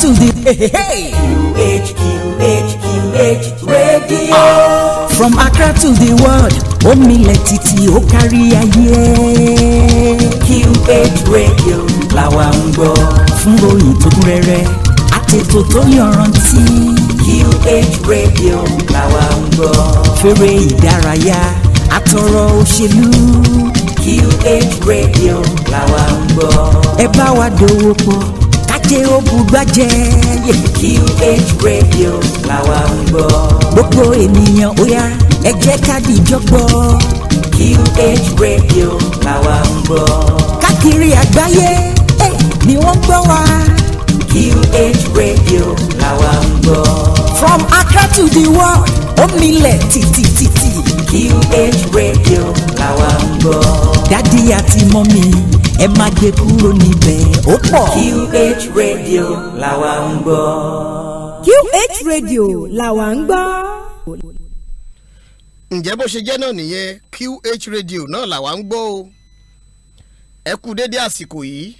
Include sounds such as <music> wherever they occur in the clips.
to the QH, QH, QH radio. From Accra to the world, omilẹ̀ títí ó kárí ayé. QH radio làwa ń gbọ́. Fún ròyìn tó kún rẹ́rẹ́, àtètò tó yọrantí. QH radio làwa ń gbọ́. Fèrè ìdárayá, àtọ̀rọ̀ òṣèlú. QH radio làwa ń gbọ́. Ẹ bá wa dòwò pọ̀ jáde ó bugbájẹ́. QH radio làwa ń gbọ́. gbogbo ènìyàn ó yá ẹ jẹ́ ká dìjọ́ gbọ́. QH radio làwa ń gbọ́. káàkiri àgbáyé ni wọ́n gbọ́ wa. QH radio làwa ń gbọ́. from Accra to the world ó milẹ̀ tìtìtìtì. QH radio làwa ń gbọ́. dádì àti mọ́mí ẹ má gbé kúrò níbẹ̀ ó pọ̀. QH radio làwa ń gbọ́. QH radio làwa ń gbọ́. ǹjẹ́ bó ṣe jẹ́ náà nìyẹn QH radio náà làwa ń gbọ́ o ẹ kú dédé àsìkò yìí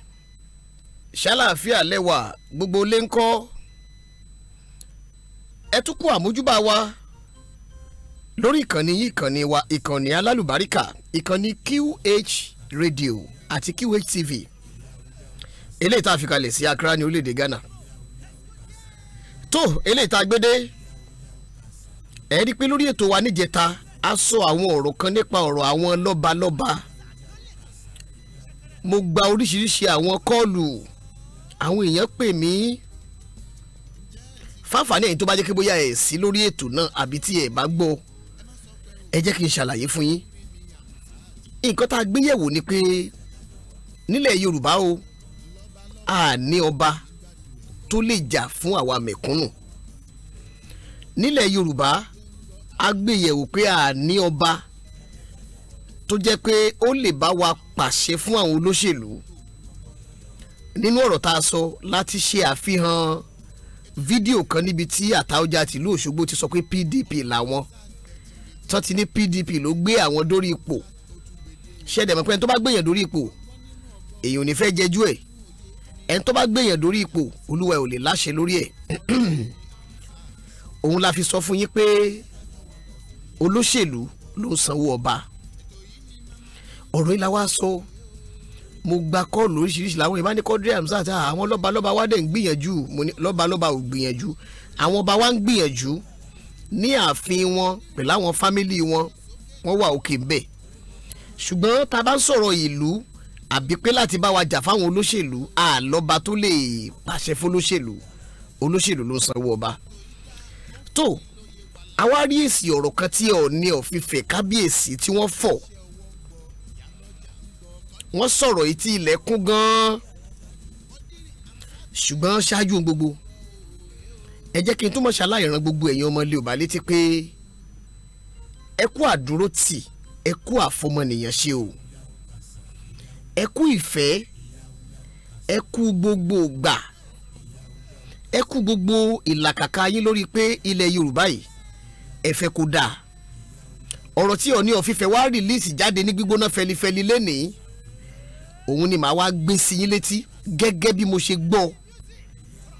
ṣàlàáfíà lẹ́wà gbogbo lé ń kọ́ ẹ tún kú àmójúbà wa lórí ìkànnì yìí ìkànnì wa ìkànnì alálùbáríkà ìkànnì QH radio àti QH TV eléyìí tá a fi kalẹ̀ sí Accra ní orílẹ̀-èdè Ghana tó eléyìí tá a gbé dé ẹ rí i pé lórí ètò wa níjẹta a sọ àwọn ọ̀rọ̀ kan nípa ọ̀rọ̀ àwọn lọ́balọ́ba mo gba oríṣiríṣi àwọn kọ́ọ̀lù àwọn èèyàn pè mí fáfàní ẹ̀yin tó bá jẹ́ kí bóyá ẹ̀ sí lórí ètò náà àbí tí ẹ̀ bá gbọ́ ẹ jẹ́ kí n ṣàlàyé fún yín nǹkan tá a gbé ni pé nílẹ̀ yorùbá o a ní ọba tó lè jà fún àwa mẹ̀kúnnù nílẹ̀ yorùbá a gbéyẹ̀wò pé a ní ọba tó jẹ́ pé ó lè bá wa pàṣẹ fún àwọn olóṣèlú nínú ọ̀rọ̀ tá a sọ láti ṣe àfihàn fídíò kan níbi tí Àtaọ́ja tìlú Òṣogbo ti sọ pé PDP làwọn tó ti ní PDP ló gbé àwọn dórí ipò ṣẹ̀dẹ̀mọ́pẹ́ tó bá gbéyàn dórí ipò èyàn ò ní fẹ́ jẹjú ẹ̀ ẹni tó bá gbèyàn dórí ipò olúwa ò lè láṣẹ lórí ẹ̀ <clears throat> òun la fi sọ fún yín pé olóṣèlú ló ń sanwó ọba ọ̀rọ̀ yìí la wá sọ mo gba kọ́ọ̀lù oríṣiríṣi làwọn ìbá ní kọ́dúrí àmúṣà tá àwọn lọ́ba wá dẹ̀ ń gbìyànjú lọ́ba ò gbìyànjú àwọn ọba wa ń gbìyànjú ní ààfin wọn pẹ̀lú àwọn fámìlì wọn wọ́n wà òkè ń bẹ̀ ṣùgbọ́n tá bá ń sọ̀rọ̀ ìlú àbí pé láti bá wa jà fáwọn olóṣèlú àlọ́ba tó lè pàṣẹ fólóṣèlú olóṣèlú ló sanwó ọba tó àwa rí èsì ọ̀rọ̀ kan tí Ọọ̀ni of Ifẹ̀ kábíyèsí tí wọ́n fọ̀ wọ́n sọ̀rọ̀ yìí tí ilẹ̀ kún gan-an ṣùgbọ́n ṣáájú gbogbo ẹ jẹ́ kí n túmọ̀ ṣaláì ran gbogbo ẹ̀yin ọmọ ilé ọba létí pé ẹ kú àdúró tì ẹ kú àfọmọnìyàn ṣe o ẹkú ìfẹ́ ẹkú gbogbo gbà ẹkú gbogbo ìlàkàkà yín lórí pé ilẹ̀ Yorùbá yìí ẹ̀fẹ́ kò dáa ọ̀rọ̀ tí Ọọ̀ni of wá rìlíìsì jáde ní gbígbóná fẹlifẹli lẹ́nìí òun ni màá wá gbé sí yín létí gẹ́gẹ́ bí mo ṣe gbọ́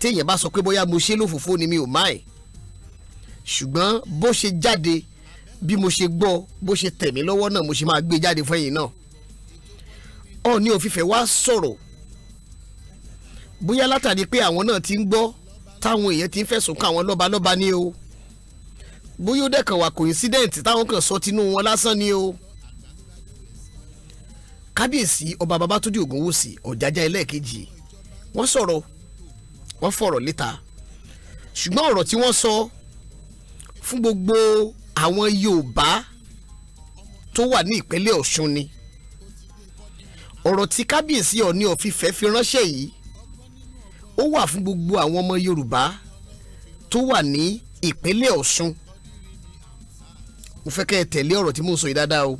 téèyàn bá sọ pé bóyá mo ṣe lófòfó ni mi ò má ẹ̀ ṣùgbọ́n bó ṣe jáde bí mo ṣe gbọ́ bó ṣe tẹ̀ lọ́wọ́ náà mo ṣe máa gbé jáde fẹ́yìn náà ọ̀ọ́ni òfìfẹ́ wá sọ̀rọ̀ bóyá látàrí pé àwọn náà ti ń gbọ́ táwọn èèyàn ti ń fẹ̀sùn kàn àwọn lọ́balọ́ba ni o bóyá ó dẹ̀kan wà coincident táwọn kan sọ tinú wọn lásán ni o kábíyèsí ọba Babátúndé Ògúnwùsì Ọ̀jájá ẹlẹ́ẹ̀kejì wọ́n sọ̀rọ̀ wọ́n fọ̀rọ̀ léta ṣùgbọ́n ọ̀rọ̀ tí wọ́n sọ fún gbogbo àwọn Yorùbá tó wà ní ìpínlẹ̀ Ọ̀ṣun ni. So, ọ̀rọ̀ tí kábíyèsí ọ̀ní ọ̀fífẹ́ fi ránṣẹ́ yìí ó wà fún gbogbo àwọn ọmọ Yorùbá tó wà ní ìpínlẹ̀ Ọ̀ṣun mo fẹ́ kẹ́ ẹ tẹ̀lé ọ̀rọ̀ tí mo sọ yìí dáadáa o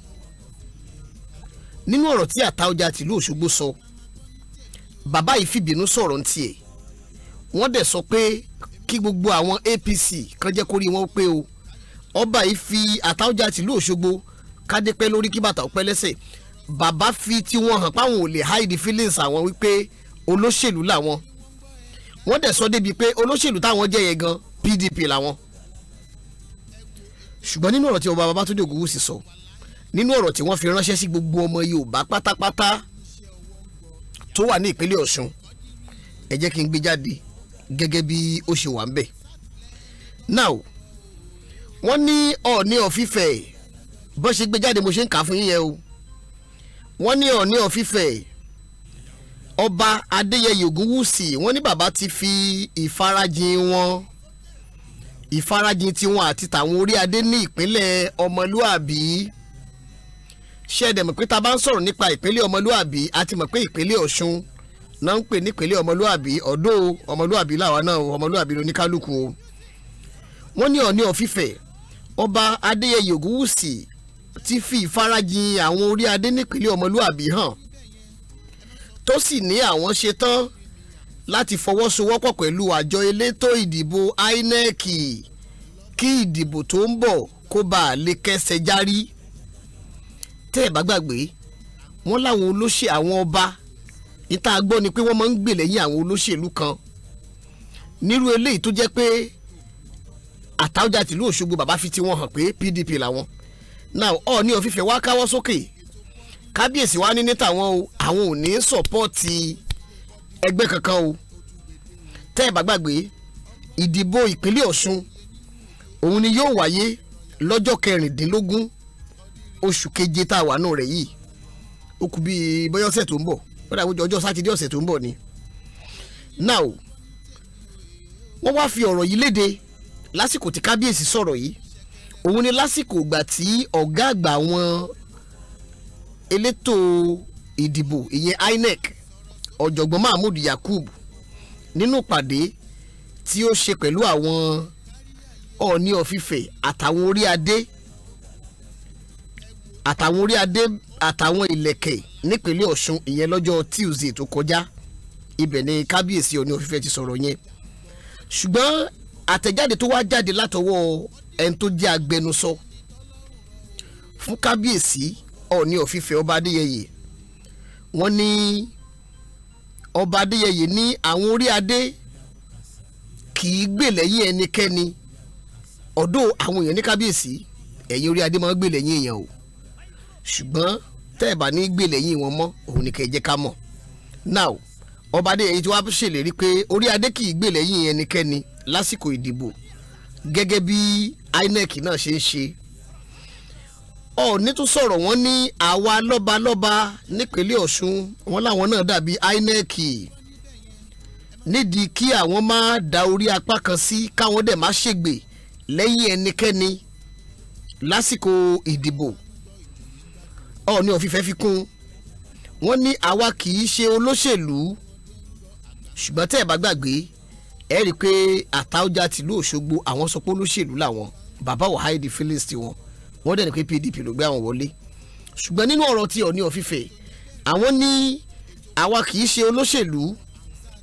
nínú ọ̀rọ̀ tí Àtaọ̀jà tìlú Òṣogbo sọ bàbá yìí fìbínú sọ̀rọ̀ ní tiẹ̀ wọ́n dẹ̀ sọ pé kí gbogbo àwọn APC kan jẹ́ kórí wọn pé o ọba yìí fi Àtaọ̀jà tìlú Òṣogbo kádé pẹ́ lórí kí bàtà ó lẹ́sẹ̀ bàbá fi tiwọn hàn páwọn ò lè hide feelings àwọn wípé olóṣèlú làwọn wọ́n dẹ̀ sọ débi pé olóṣèlú táwọn jẹ́ yẹn gan PDP làwọn ṣùgbọ́n nínú ọ̀rọ̀ tí ọba Babátúndé Ògúnwùsì sọ nínú ọ̀rọ̀ tí wọ́n fi ránṣẹ́ sí gbogbo ọmọ Yorùbá pátápátá tó wà ní ìpínlẹ̀ Ọ̀ṣun ẹ jẹ́ kí n gbé jáde gẹ́gẹ́ bí ó ṣe wà ń bẹ̀. now wọ́n ní Ọọ̀ni of Ifẹ̀ bó ṣe gbé jáde mo ṣe ń kà á fún yín o wọ́n ní Ọ̀ọ̀ni of Ifẹ̀ ọba Adéyẹyè Ògúnwùsì wọ́n ní bàbá ti fi ìfarajìn wọn ìfarajìn tiwọn àti tàwọn orí adé ní ìpínlẹ̀ ọmọlúàbí ṣẹ́ẹ̀dẹ̀ mọ̀ pé ta bá ń sọ̀rọ̀ nípa ìpínlẹ̀ ọmọlúàbí a ti mọ̀ pé ìpínlẹ̀ Ọ̀ṣun náà ń pè nípínlẹ̀ ọmọlúàbí ọ̀dọ́ ọmọlúàbí làwa náà ọmọlúàbí lóníkálukú wọ́n ní Ọ̀ọ̀ni of Ifẹ̀ ọba Adéyẹyè Ògúnwùsì ti fi ìfarajìn àwọn orí adé nípínlẹ̀ ọmọlúàbí hàn tó sì ní àwọn ṣetán láti fọwọ́sowọ́pọ̀ pẹ̀lú àjọ elétò ìdìbò INEC kí ìdìbò tó ń bọ̀ kó bá a lè kẹsẹ̀ járí tẹ́ ẹ̀ bá gbàgbé wọ́n láwọn olóṣè àwọn ọba níta gbọ́ ni pé wọ́n máa ń gbè lẹ́yìn àwọn olóṣèlú kan nírú eléyìí tó jẹ́ pé Àtàọ́jà tìlú Òṣogbo bàbá fi tiwọn hàn pé PDP làwọn now ọ̀ọ́ni ò fífẹ́ wá káwọ́ sókè kábíyèsí wa ní ní tàwọn o àwọn ò ní sọ̀pọ́ọ̀tì ẹgbẹ́ kankan o tẹ́ ẹ̀ bá gbàgbé ìdìbò ìpínlẹ̀ Ọ̀ṣun òun ni yóò wáyé lọ́jọ́ kẹrìndínlógún oṣù keje tá a wà nù rẹ̀ yìí ó kù bíi bóyá ọ̀sẹ̀ tó ń bọ̀ ó dàgbé ọjọ́ sátidé ọ̀sẹ̀ tó ń bọ̀ ni now wọ́n wá fi ọ̀rọ̀ yìí léde lásìkò tí kábíyèsí sọ̀rọ̀ yìí òun ni lásìkò ìgbà tí ọ̀gá àgbà wọn elétò ìdìbò ìyẹn INEC ọ̀jọ̀gbọ́n Mahmood Yakubu nínú ìpàdé tí ó ṣe pẹ̀lú àwọn Ọọ̀ni ọ̀fìfẹ̀ àtàwọn orí adé àtàwọn orí adé àtàwọn ìlẹ̀kẹ̀ nípínlẹ̀ Ọ̀ṣun ìyẹn lọ́jọ́ Tuesday tó kọjá ibẹ̀ ni kábíyèsí Ọọ̀ni ọ̀fìfẹ̀ ti sọ̀rọ̀ yẹn ṣùgbọ́n àtẹ̀jáde tó wá jáde látọwọ́ ẹni tó jẹ́ agbẹnusọ fún kábíyèsí ọ̀ọ́ni ọ̀fífẹ́ ọba adéyẹyè wọ́n ní ọba adéyẹyè ní àwọn orí adé kì í gbè lẹ́yìn ẹnikẹ́ni ọ̀dọ̀ àwọn èèyàn ní kábíyèsí ẹ̀yìn orí adé máa gbè lẹ́yìn èèyàn o ṣùgbọ́n tẹ́ ní gbè lẹ́yìn wọn mọ́ òun ni kẹ́ ká mọ̀ now ọba adéyẹyè tí wàá ṣèlérí pé orí adé kì í gbè lẹ́yìn ẹnikẹ́ni lásìkò ìdìbò gẹ́gẹ́ bí INEC náà ṣe ń ṣe ọ̀ọ́ni tún sọ̀rọ̀ wọ́n ní àwa lọ́balọ́ba nípínlẹ̀ Ọ̀ṣun wọn láwọn náà dàbí INEC nídìí kí àwọn má da orí apá kan sí káwọn dẹ̀ má ṣègbè lẹ́yìn ẹnikẹ́ni lásìkò ìdìbò ọ̀ọ́ni òfìfẹ́ fi kún wọ́n ní àwa kì í ṣe olóṣèlú ṣùgbọ́n tẹ́ ẹ̀ bá gbàgbé ẹ rí i pé àtàwọ̀jà tìlú Òṣogbo àwọn sọ pé olóṣèlú làwọn bàbá wò haidi phillips tiwọn wọ́n dẹ̀ ní pé pdp ló gbé àwọn wọlé ṣùgbọ́n nínú ọ̀rọ̀ tí Ọọ̀ni of Ife àwọn ní àwa kì í ṣe olóṣèlú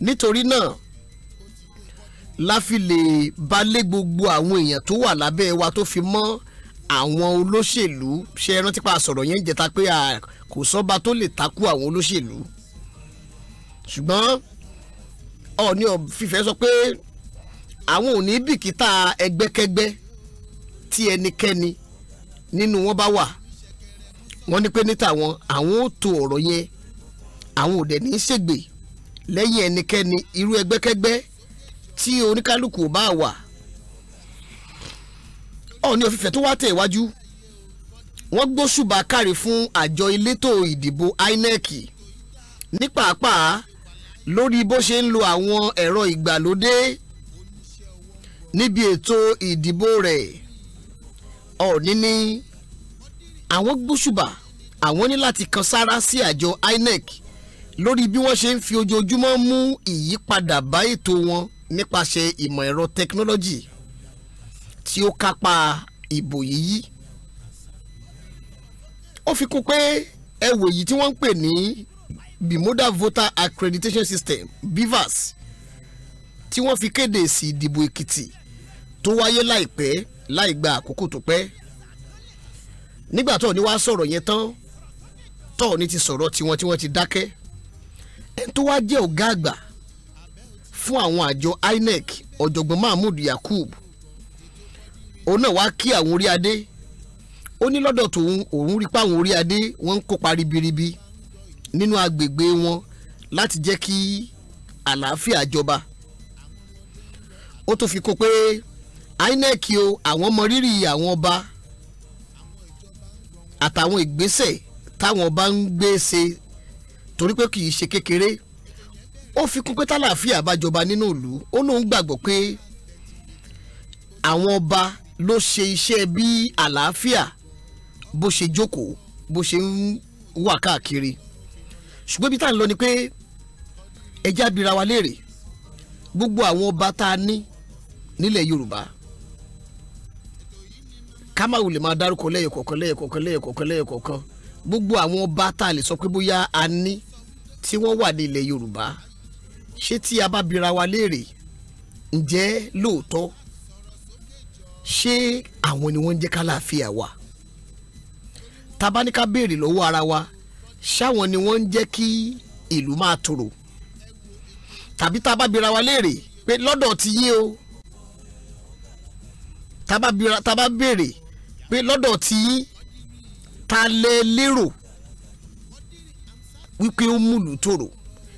nítorí náà la fi lè balẹ̀ gbogbo àwọn èèyàn tó wà lábẹ́ wa tó fi mọ́ àwọn olóṣèlú ṣe rántí pa sọ̀rọ̀ yẹn jẹta pé kò sọ́ba tó lè takú àwọn olóṣèlú ṣùgbọ́n Ọọ̀ni of Ife sọ pé àwọn ò ní bìkítà ẹgbẹ́kẹ́gbẹ́ tí ẹnikẹ́ni nínú wọn bá wà wọ́n ní pé ní tàwọn àwọn ò to ọ̀rọ̀ yẹn àwọn ò dẹ̀ ní í ṣègbè lẹ́yìn ẹnikẹ́ni irú ẹgbẹ́kẹ́gbẹ́ tí oníkálukú bá wà ọ̀ọ́ni òfìfẹ́ tó wá tẹ̀ iwájú wọ́n gbóṣùbà kárí fún àjọ elétò ìdìbò INEC ní pàápàá lórí bó ṣe ń lo àwọn ẹ̀rọ ìgbàlódé níbi ètò ìdìbò rẹ̀ Ọọ̀ni ní àwọn gbóṣùbà àwọn ní láti kan sára sí àjọ INEC lórí bí wọ́n ṣe ń fi ojoojúmọ́ mú ìyípadà bá ètò wọn nípasẹ̀ ìmọ̀ ẹ̀rọ tẹkinọ́lọ́jì tí ó kápá ìbò yíyí. ó fi kún pé ẹ wò èyí tí wọ́n ń pè ní Bimoda Voter Accreditation System BVAS tí wọ́n fi kéde èsì ìdìbò Èkìtì tó wáyé láìpẹ́ láì gba àkókò tó pẹ́ nígbà tó ní wàá sọ̀rọ̀ yẹn tán tó ní ti sọ̀rọ̀ tiwọn tí wọ́n ti dákẹ́ ẹni tó wá jẹ́ ọ̀gá àgbà fún àwọn àjọ INEC ọ̀jọ̀gbọ́n Mahmood Yakub òun náà wá kí àwọn orí adé ó ní lọ́dọ̀ tòun òun rí páwọn orí adé wọ́n ń kópa ribiribi nínú agbègbè wọn láti jẹ́ kí àlàáfíà jọba ó tún fi kún pé INEC o àwọn mọ rírì àwọn ọba àtàwọn ìgbésẹ̀ táwọn ọba ń gbé ṣe torí pé kì í ṣe kékeré ó fi kún pé tálàáfíà bá jọba nínú ìlú ó lóun gbàgbọ́ pé àwọn ọba ló ṣe iṣẹ́ bí àlàáfíà bó ṣe jókòó bó ṣe ń wà káàkiri ṣùgbọ́n ibi tá à ń lọ ni pé ẹjẹ́ abira wa léèrè gbogbo àwọn ọba tá a ní nílẹ̀ Yorùbá ká má wulẹ̀ máa dárúkọ lẹ́yìn kọ̀ọ̀kan lẹ́yìn kọ̀ọ̀kan lẹ́yìn kọ̀ọ̀kan lẹ́yìn kọ̀ọ̀kan gbogbo àwọn ọba tá a lè sọ pé bóyá a ní tí wọ́n wà ní ilẹ̀ Yorùbá ṣé tí a bá bira wa léèrè ǹjẹ́ lóòótọ́ ṣé àwọn ni wọ́n ń jẹ́ kálàáfíà wa tá béèrè lọ́wọ́ ara wa ṣáwọn ni wọ́n ń jẹ́ kí ìlú máa tòrò tàbí tá a bá bira wa léèrè pé lọ́dọ̀ ti yé o tá a bá béèrè pé lọ́dọ̀ tí ta lẹ lérò wípé ó múlù tòrò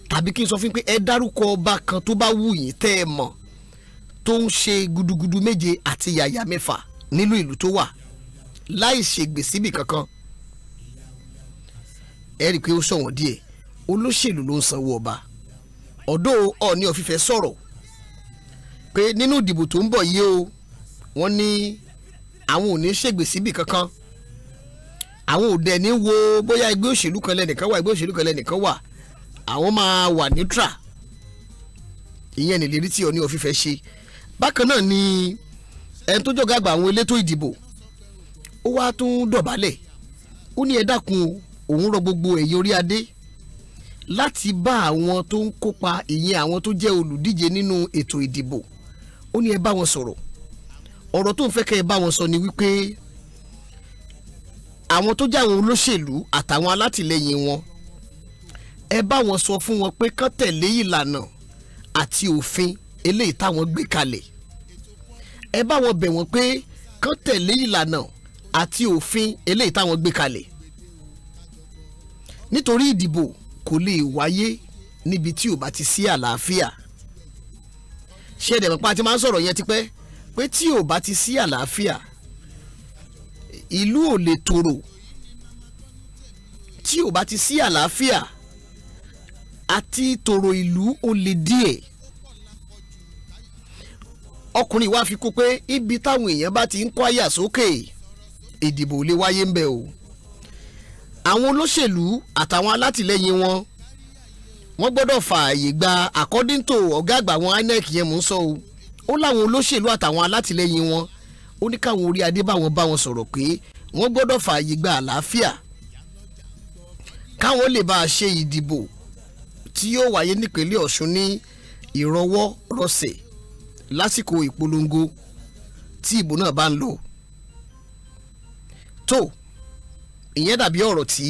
tàbí kí n sọ fún yín pé ẹ dárúkọ ọba kan tó bá wù yín tẹ́ ẹ mọ̀ tó ń ṣe gudugudu méje àti yàyà mẹ́fà nínú ìlú tó wà láì ṣègbè síbì kankan ẹ rí i pé ó ṣọ̀wọ́n díẹ̀ olóṣèlú ló ń sanwó ọba ọ̀dọ́ Ọọ̀ni of sọ̀rọ̀ pé nínú ìdìbò tó ń bọ̀ yìí o wọ́n ní àwọn ò ní ṣègbè síbì kankan àwọn ò dẹ̀ ní wo bóyá ẹgbẹ́ òṣèlú kan lẹ́nìkan wà ẹgbẹ́ òṣèlú kan lẹ́nìkan wà àwọn máa wà neutral ìyẹn nìlérí tí Ọọ̀ni of Ife ṣe bákan náà ni ẹni tó jọ̀gá àgbà àwọn elétò ìdìbò ó wá tún dọ̀bálẹ̀ ó ní ẹ dákun òun rọ gbogbo ẹ̀yin orí adé láti bá àwọn tó ń kópa ìyẹn àwọn tó jẹ́ olùdíje nínú ètò ìdìbò ó ní ẹ bá wọn sọ̀rọ̀ ọ̀rọ̀ tó ń fẹ́ kẹ́ ẹ bá wọn sọ ni wípé àwọn tó jẹ́ àwọn olóṣèlú àtàwọn alátìlẹyìn wọn ẹ bá wọn sọ fún wọn pé kán tẹ̀lé ìlànà àti òfin eléyìí táwọn gbé kalẹ̀ ẹ bá wọn bẹ̀ wọ́n pé kán tẹ̀lé ìlànà àti òfin eléyìí táwọn gbé kalẹ̀ nítorí ìdìbò kò lè wáyé níbi tí ò bá ti sí àlàáfíà ṣé ẹ̀dẹ̀ mọ́pá ti máa ń sọ̀rọ̀ yẹn tipẹ́ pé tí ò bá ti sí àlàáfíà ìlú ò lè tòrò tí ò bá ti sí àlàáfíà àti tòrò ìlú ò lè díẹ̀ ọkùnrin wa fi kó pé ibi táwọn èèyàn bá ti ń kó àyà sókè ìdìbò lè wáyé ń bẹ o àwọn olóṣèlú àtàwọn alátìlẹyìn wọn wọ́n gbọ́dọ̀ fààyè gba according to ọ̀gá àgbà wọn INEC yẹn mú sọ o. So ó láwọn olóṣèlú àtàwọn alátìlẹyìn wọn ó ní káwọn orí adé báwọn bá wọn sọ̀rọ̀ pé wọ́n gbọ́dọ̀ fààyè gba àlàáfíà káwọn lè bá a ṣe ìdìbò tí yóò wáyé nípínlẹ̀ Ọ̀ṣun ní ìrọwọ́ rọsẹ̀ lásìkò ìpolongo tí ìbò náà bá ń lọ tó ìyẹn dàbí ọ̀rọ̀ tí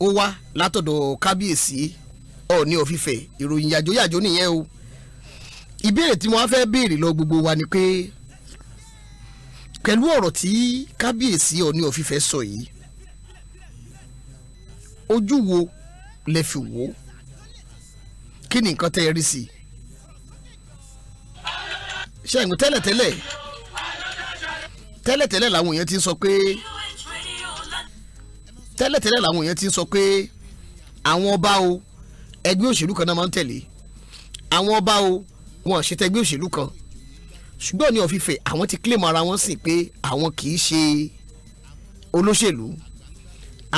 ó wá látọ̀dọ̀ kábíyèsí Ọọ̀ni of Ifẹ̀ ìròyìn yàjóyàjó nìyẹn o ìbéèrè tí mo wá fẹ́ béèrè lọ gbogbo wa ni pé pẹ̀lú ọ̀rọ̀ tí kábíyèsí Ọọ̀ni of Ifẹ̀ sọ yìí ojú wo lẹ fi wò ó kí ni nǹkan tẹ́ ẹ rí sí i ṣẹ́yìn tẹ́lẹ̀tẹ́lẹ̀ tẹ́lẹ̀tẹ́lẹ̀ làwọn èèyàn ti ń sọ pé tẹ́lẹ̀tẹ́lẹ̀ làwọn èèyàn ti ń sọ pé àwọn ọba o ẹgbẹ́ òṣèlú kan náà máa ń tẹ̀lé àwọn ọba o wọn ṣe tẹgbẹ́ òṣèlú kan ṣùgbọ́n ní ọ̀fìfẹ́ àwọn ti claim ara wọn sì pé àwọn kì í ṣe olóṣèlú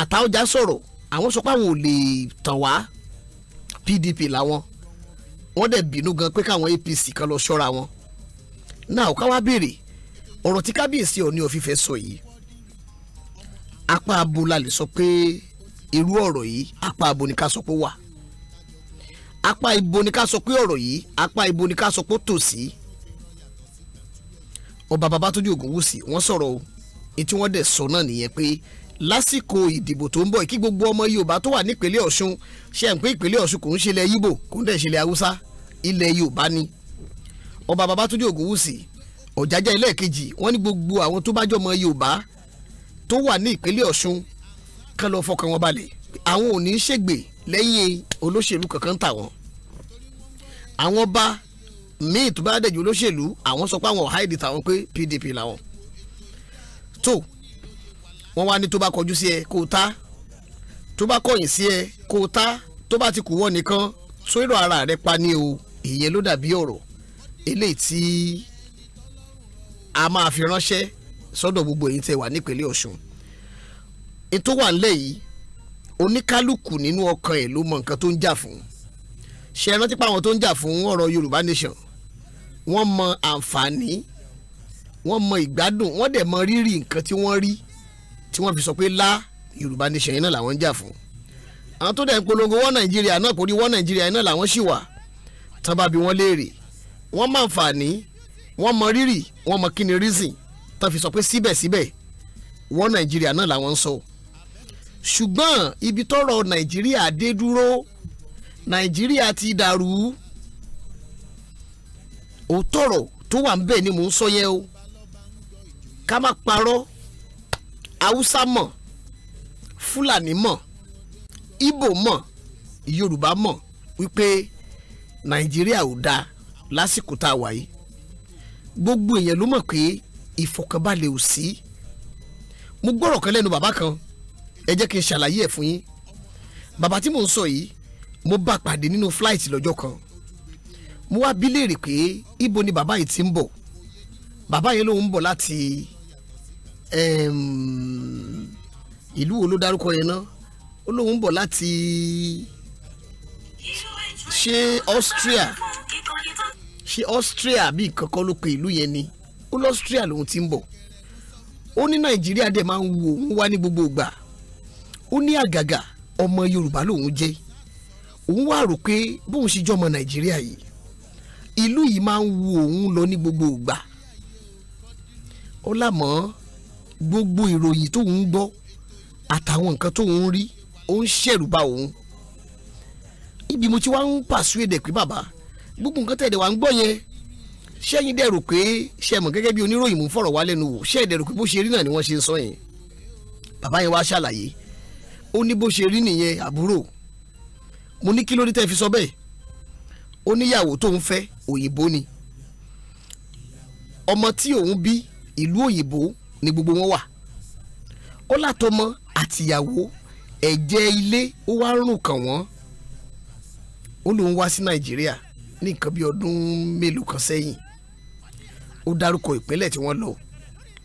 àtàwọ̀já sọ̀rọ̀ àwọn sọ pé àwọn ò lè tàn wá PDP làwọn wọ́n dẹ̀ bínú gan pé káwọn APC kan lọ ṣọ́ra wọn náà ká wá béèrè ọ̀rọ̀ tí kábíyèsí Ọọ̀ni of Ifẹ̀ sọ yìí apá abo la lè sọ pé irú ọ̀rọ̀ yìí apá abo ni ká sọ pé wà apá ibo ni ká sọ pé ọ̀rọ̀ yìí apá ibo ni ká sọ pé ó tò sí. ọba Babátúndé Ògúnwùsì wọ́n sọ̀rọ̀ o etí wọ́n dẹ̀ sọ náà nìyẹn pé lásìkò ìdìbò tó ń bọ̀ kí gbogbo ọmọ Yorùbá tó wà nípínlẹ̀ Ọ̀ṣun ṣe ń pé ìpínlẹ̀ Ọ̀ṣun kò ń ṣe ilẹ̀ Yíbò kò ń dẹ̀ ṣe ilẹ̀ Haúsá ilẹ̀ Yorùbá ni ọba Babátúndé Ògúnwùsì Ọ̀jájá ilé kejì wọ́n ní gbogbo àwọn tó bá jọ ọmọ Yorùbá tó wà ní ìpínlẹ̀ Ọ̀ṣun kán lọ fọkàn wọn balẹ̀ àwọn ò ní ṣègbè lẹ́yìn olóṣèlú kankan tà wọ́n àwọn bá míì tó bá dẹ̀jú olóṣèlú àwọn sọ pé àwọn ọ̀há ìdí tàwọn pé PDP làwọn tó wọ́n wá ní tó bá kọjú sí ẹ kó o ta tó bá kọ̀yìn sí ẹ kó o ta tó bá ti kù wọ́n nìkan sórò ara rẹ pa ní o ìyẹn ló dàbí ọ̀rọ̀ eléyìí tí a máa fi ránṣẹ́ sọ́dọ̀ gbogbo èyí tẹ́ wà nípínlẹ̀ Ọ̀ṣun ètò wà ńlẹ̀ yìí oníkálukú nínú ọkàn ẹ̀ ló mọ nǹkan tó ń jà fún ṣe rántí pa àwọn tó ń jà fún ọ̀rọ̀ Yorùbá nation wọ́n mọ àǹfààní wọ́n mọ ìgbádùn wọ́n dẹ̀ mọ rírì nǹkan tí wọ́n rí tí wọ́n fi sọ pé lá Yorùbá nation yìí náà làwọn ń jà fún àwọn tó dẹ̀ ń polongo wọ́n Nàìjíríà náà kò rí wọ́n Nàìjíríà yìí náà làwọn ṣì wà tán bá bi wọ́n léèrè wọ́n mọ àǹfààní wọ́n mọ rírì wọ́n mọ kíni reason tán fi sọ pé síbẹ̀síbẹ̀ wọ́n Nàìjíríà náà làwọn ń sọ. So ṣùgbọ́n ibi tọ́rọ̀ nàìjíríà dé dúró nàìjíríà ti dàrú òótọ́rọ̀ tó wà ń bẹ̀ ni mò ń sọ yẹn o ká má parọ́ haúsá mọ̀ fúlàní mọ̀ ìbò mọ̀ yorùbá mọ̀ wípé nàìjíríà ò dáa lásìkò tá a wà yìí gbogbo èèyàn ló mọ̀ pé ìfọ̀kànbalẹ̀ ò sí mo gbọ́rọ̀ kan lẹ́nu bàbá kan ẹ jẹ́ kí n ṣàlàyé ẹ̀ fún yín bàbá tí mò ń sọ yìí mo bá pàdé nínú flight lọ́jọ́ kan mo wá bí léèrè pé ibo ni bàbá yìí ti ń bọ̀ bàbá yẹn lòun ń bọ̀ láti ìlú wo ló dárúkọ yẹn náà ó lóun ń bọ̀ láti ṣé Austria ṣé Austria bí kankan ló pe ìlú yẹn ni ó lọ Austria lòun ti ń bọ̀ ó ní Nàìjíríà dẹ̀ máa ń wo òun wá ní gbogbo ìgbà ó ní àgàgà ọmọ Yorùbá lòun jẹ́ òun wá rò pé bóun ṣe jọmọ Nàìjíríà yìí ìlú yìí máa ń wu òun lọ ní gbogbo ìgbà ó lámọ́ gbogbo ìròyìn tóun ń gbọ́ àtàwọn nǹkan tóun ń rí ó ń ṣẹ̀rù bà òun ibi mo ti wá ń pàṣẹ èdè pé bàbá gbogbo nǹkan tẹ̀lé wa ń gbọ́ yẹn ṣẹ́yìn dẹ̀rù pé ṣe mọ̀ gẹ́gẹ́ bí oníròyìn mò fọ̀rọ̀ wá lẹ́nu wò ṣẹ́yìn dẹ̀rù pé bó ṣe rí náà ni wọ́n ṣe ń sọ yẹn bàbá yẹn wá ṣàlàyé ó ní bó ṣe rí nìyẹn àbúrò mo ní kí ló dé tẹ́ fi sọ bẹ́ẹ̀ ó níyàwó tó ń fẹ́ òyìnbó ni ọmọ tí òun bí ìlú òyìnbó ni gbogbo wọn wà ó látọmọ àtìyàwó ẹ̀jẹ̀ ilé ó wá rùn kàn wọ́n ó lóun wá sí nàìjíríà ní nǹkan bí ọdún mélòó kan sẹ́yìn ó dárúkọ ìpínlẹ̀ tí wọ́n lọ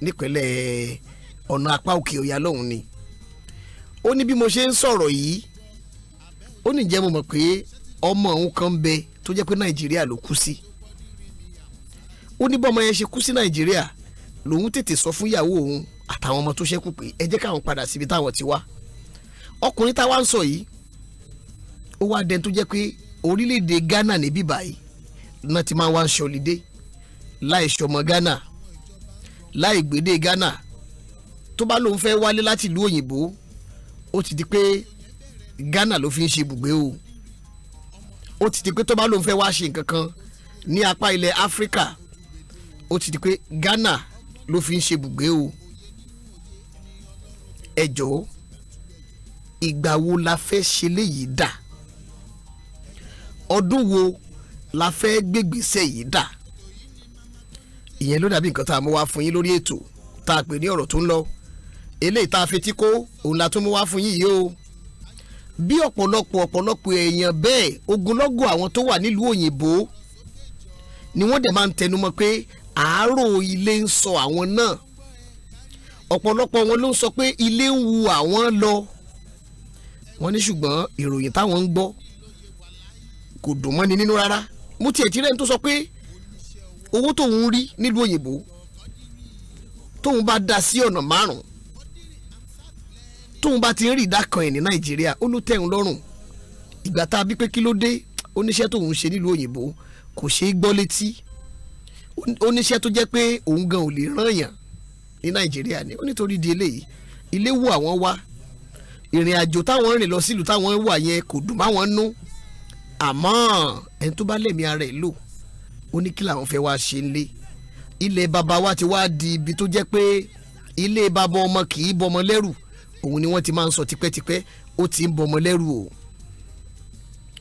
nípínlẹ̀ ọ̀nà apá òkè ọ̀yà lọ́hùn ni ó ní bí mo ṣe ń sọ̀rọ̀ yìí ó ní jẹ́ mo mọ̀ pé ọmọ òun kan ń bẹ tó jẹ́ pé nàìjíríà ló kú sí ó ní bọ́mọ yẹn ṣe kú sí nàìjíríà lòun tètè sọ fún ìyàwó òun àtàwọn ọmọ tó ṣẹ́kù pé ẹ jẹ́ káwọn padà síbi táwọn ti wá ọkùnrin táwa ń sọ yìí ó wá dẹni tó jẹ́ pé orílẹ̀-èdè Ghana níbí báyìí náà ti máa wá ń ṣọlídé láì ṣọmọ Ghana láì gbédè Ghana tó bá lóun fẹ́ wálé láti ìlú òyìnbó ó ti di pé Ghana ló fi ń ṣe ibùgbé o ó ti di pé tó bá lóun fẹ́ wá ṣe nǹkan kan ní apá ilẹ̀ Áfíríkà ó ti di pé Ghana ló fi ń ṣe ibùgbé o ẹ jọ̀ọ́ ìgbà wo la fẹ́ ṣe léyìí dà ọdún wo la fẹ́ gbégbèsè yìí dà ìyẹn ló dàbí nǹkan tá a mú wá fún yín lórí ètò tá a pè ní ọ̀rọ̀ tó ń lọ eléyìí tá a fetí kó òun la tún mú wá fún yín yìí o bí ọ̀pọ̀lọpọ̀ ọ̀pọ̀lọpọ̀ èèyàn bẹ́ẹ̀ ogunlọ́gọ̀ àwọn tó wà nílùú òyìnbó ni wọ́n dẹ̀ máa ń tẹnumọ́ pé àárò ilé ń sọ àwọn náà ọ̀pọ̀lọpọ̀ wọn ló ń sọ pé ilé ń wu àwọn lọ wọ́n ní ṣùgbọ́n ìròyìn táwọn ń gbọ́ kò dùn mọ́ni nínú rárá mo tiẹ̀ ti rẹ́ni tó sọ pé owó tóun rí nílùú òyìnbó tóun bá dá sí ọ̀nà márùn-ún tóun bá ti ń rí ìdá kan ẹ̀ ní nàìjíríà ó ló tẹ̀hún lọ́rùn ìgbà tá a bí pé kí ló dé oníṣẹ́ tóun ṣe nílùú òyìnbó kò ṣeé gbọ́ létí oníṣẹ́ tó jẹ́ pé òun gan ò lè ràn yàn ní nàìjíríà ni ó nítorí di eléyìí ilé wo àwọn wá ìrìn àjò táwọn rìn lọ sílùú táwọn wà yẹn kò dùn má wọn nú àmọ́ ẹni tó bá lẹ̀mí ara ẹ̀ lò ó ní kí làwọn fẹ́ wá ṣe ń lé ilẹ̀ baba wa ti wá di ibi tó jẹ́ pé ilé baba ọmọ kì í bọmọ lẹ́rù òun ni wọ́n ti máa ń sọ tipẹ́tipẹ́ ó ti ń bọmọ lẹ́rù o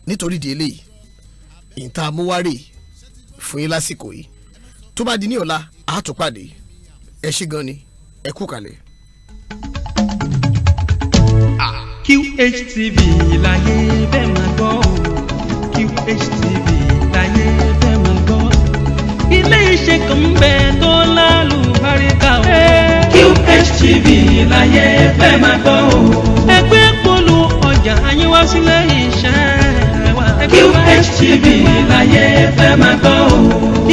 nítorí di eléyìí ìta amúwárè fún yín lásìkò yìí tó bá di ní ọ̀la àátúpàdé ẹ ṣé gan ni ẹ kú kalẹ̀. QHTV láyé bẹ́ẹ̀ máa gbọ́ QHTV láyé bẹ́ẹ̀ máa gbọ́ ilé iṣẹ́ kan ń bẹ tó lálùbáríkà o tv láyé fẹ́ máa gbọ́ o. ẹgbẹ́ polu ọjà ayé sílẹ̀ iṣẹ́ wa. QH TV láyé fẹ́ máa gbọ́ o.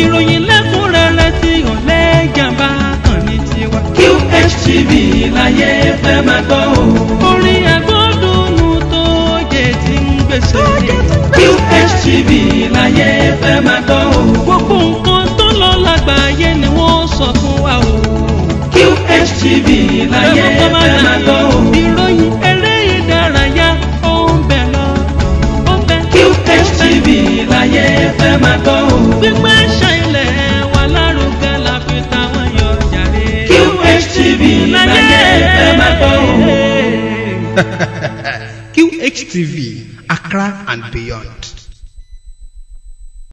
ìròyìn lẹ́kùnrẹ́rẹ́ tí ọ̀lẹ́ jàmbá kan ní tiwa. QH TV láyé fẹ́ máa gbọ́ o. orin agbódùnú tó yẹ ti ń gbèsè. QH TV láyé fẹ́ máa gbọ́ o. gbogbo nǹkan tó lọ lágbàáyé ni wọ́n sọ fún síbi láyé fẹ́ máa lọ. ìròyìn eré ìdárayá ó ń bẹ̀ lọ. QHTV láyé fẹ́ máa gbọ́. gbígbé ṣe ilẹ̀ wa lárugẹ la fi táwọn yọ jàre. QHTV láyé fẹ́ máa gbọ́. <laughs> QHTV Accra and beyond.